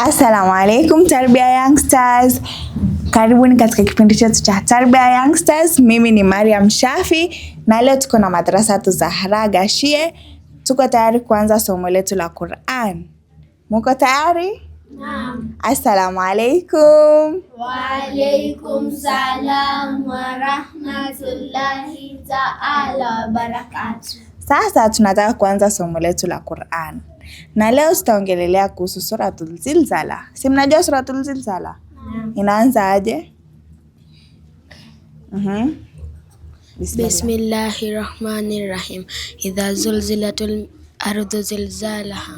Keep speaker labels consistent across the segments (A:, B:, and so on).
A: Assalamu alaikum Tarbia Youngsters, karibuni katika kipindi chetu cha Tarbia Youngsters. Mimi ni Mariam Shafi na leo tuko na tu Zahra Gashie. Tuko tayari kuanza somo letu la Quran. Muko tayari? Naam. Assalamu alaikum.
B: Wa alaikum salam wa rahmatullahi taala wa barakatuh.
A: Sasa tunataka kuanza somo letu la Quran na leo sitaongelelea kuhusu Suratul Zilzala. Si mnajua Suratul Zilzala inaanza aje? mm-hmm.
C: Bismillahi rahmani rahim idha zulzilatul ardu zilzalaha.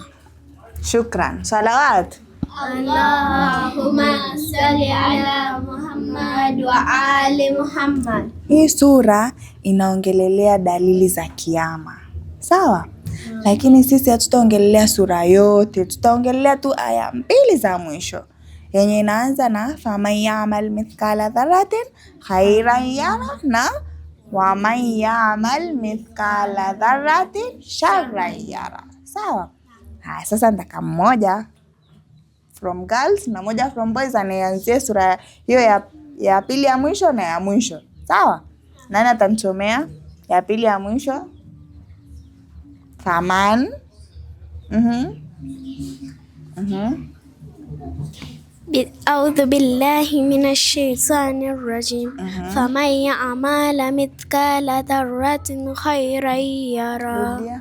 A: Shukran. Salawat.
B: Allahumma salli ala Muhammad wa ali Muhammad.
A: Hii sura inaongelelea dalili za kiama, sawa? Lakini sisi hatutaongelelea sura yote, tutaongelelea tu aya mbili za mwisho yenye inaanza na faman yamal mithqala dharatin khairan yara na waman yamal mithqala dharatin sharran yara. Sawa. Haya, sasa ndaka mmoja from girls na moja from boys anayeanzia sura hiyo ya, ya pili ya mwisho na ya mwisho. Sawa. Nani atamchomea ya pili ya mwisho? Taman. اها اها
C: أعوذ بالله من الشيطان الرجيم فمن يعمل مثقال ذرة خيرا يرى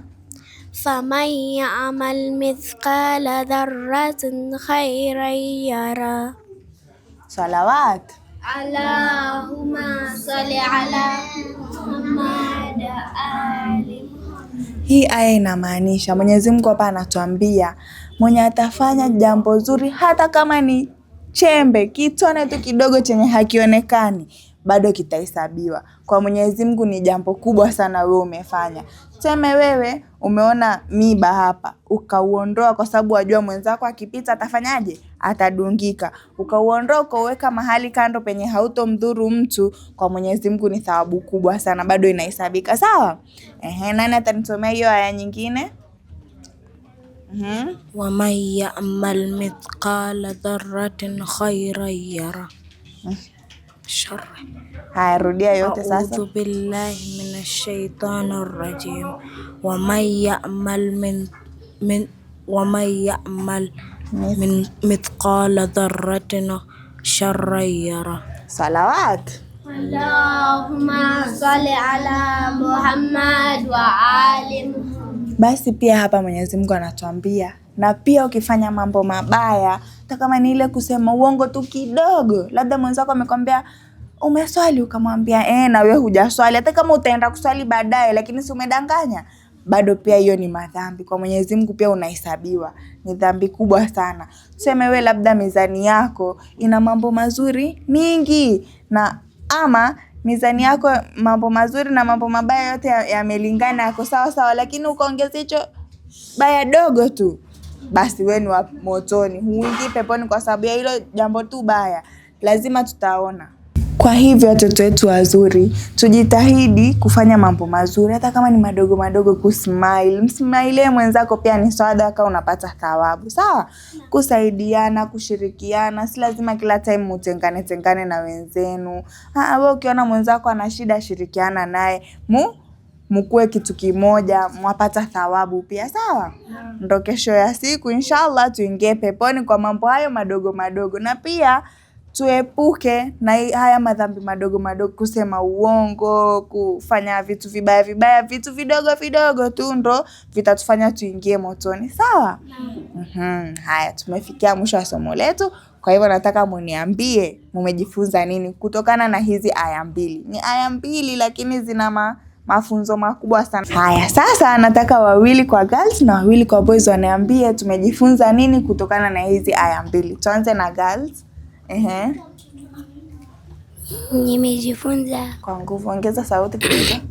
C: فمن يعمل مثقال ذرة خيرا يرى
A: صلوات
B: اللهم صل على محمد
A: Hii aya inamaanisha Mwenyezi Mungu hapa anatuambia mwenye atafanya jambo zuri hata kama ni chembe kitone tu kidogo chenye hakionekani bado kitahesabiwa. Kwa Mwenyezi Mungu ni jambo kubwa sana wewe umefanya. Tuseme wewe umeona miba hapa, ukauondoa kwa sababu wajua mwenzako akipita atafanyaje? Atadungika. Ukauondoa ukauweka mahali kando penye hautomdhuru mtu, kwa Mwenyezi Mungu ni thawabu kubwa sana, bado inahesabika. Sawa? Ehe, nani atanisomea hiyo aya nyingine? Mhm.
C: waman yamal mithqala dharatin khairan yara eh sharri.
A: Haya, rudia yote sasa. A'udhu
C: billahi minash shaitani rajim Wa man ya'mal min min wa man ya'mal min mithqala dharratin sharran yara.
A: Salawat.
B: Allahumma salli ala Muhammad wa ali Muhammad.
A: Basi pia hapa Mwenyezi Mungu anatuambia na pia ukifanya mambo mabaya hata kama ni ile kusema uongo tu kidogo, labda mwenzako amekwambia umeswali, ukamwambia eh, na wewe hujaswali. Hata kama utaenda kuswali baadaye, lakini si umedanganya bado pia hiyo ni madhambi kwa Mwenyezi Mungu, pia unahesabiwa ni dhambi kubwa sana. Tuseme wewe labda mizani yako ina mambo mazuri mingi, na ama mizani yako mambo mazuri na mambo mabaya yote yamelingana, yako sawa sawa, lakini ukaongeza hicho baya dogo tu basi wewe ni wa motoni, huingii peponi kwa sababu ya hilo jambo tu baya, lazima tutaona. Kwa hivyo watoto wetu wazuri, tujitahidi kufanya mambo mazuri, hata kama ni madogo madogo. Kusmile, msmailie mwenzako pia ni swada, kama unapata thawabu sawa. Kusaidiana, kushirikiana, si lazima kila time mutengane tengane na wenzenu. Ah, wewe ukiona mwenzako ana shida, shirikiana naye mu mkuwe kitu kimoja, mwapata thawabu pia sawa. Ndo kesho ya siku inshallah tuingie peponi kwa mambo hayo madogo madogo, na pia tuepuke na haya madhambi madogo madogo, kusema uongo, kufanya vitu vibaya vibaya, vitu vidogo vidogo tu ndo vitatufanya tuingie motoni sawa. Mm-hmm. Haya, tumefikia mwisho wa somo letu. Kwa hivyo nataka muniambie mumejifunza nini kutokana na hizi aya mbili. Ni aya mbili lakini zina ma mafunzo makubwa sana. Haya, sasa nataka wawili kwa girls na wawili kwa boys waniambie tumejifunza nini kutokana na hizi aya mbili. Tuanze na girls. Ehe.
C: Nimejifunza
A: kwa nguvu, ongeza sauti kidogo.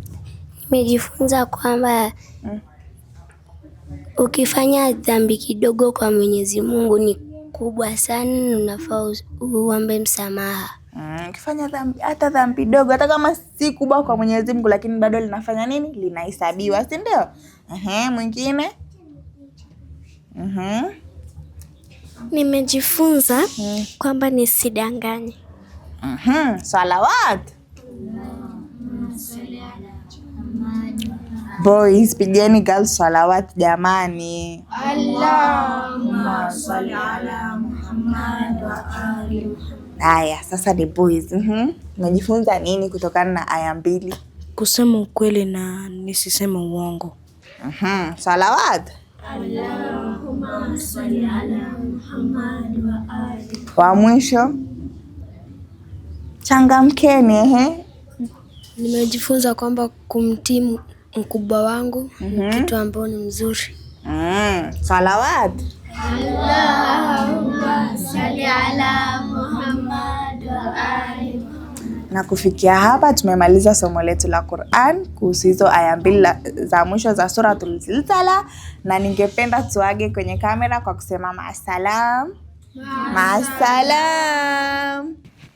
C: Nimejifunza kwamba mm. ukifanya dhambi kidogo kwa Mwenyezi Mungu ni kubwa sana, unafaa uombe msamaha.
A: Mm, ukifanya dhambi hata dhambi dogo, hata kama si kubwa kwa Mwenyezi Mungu, lakini bado linafanya nini? Linahesabiwa, si ndio? Ehe, mwingine. Mhm.
C: Nimejifunza mm. kwamba nisidanganye.
A: Mhm, salawat. Boys, pigeni girls salawat jamani.
B: Allahumma salli ala Muhammad wa ali
A: Haya, sasa ni boys. Mhm. Unajifunza nini kutokana na aya mbili?
C: Kusema ukweli na nisiseme uongo.
A: Mhm. Salawat.
B: Allahumma salli ala Muhammad wa ali.
A: Wa mwisho changamkeni, ehe.
C: Nimejifunza kwamba kumtii mkubwa wangu mm -hmm. kitu ambayo ni mzuri
A: mm. Salawat.
B: Allahumma salli ala
A: na kufikia hapa tumemaliza somo letu la Quran kuhusu hizo aya mbili za mwisho za Suratul Zilzala, na ningependa tuage kwenye kamera kwa kusema maasalam, maasalam.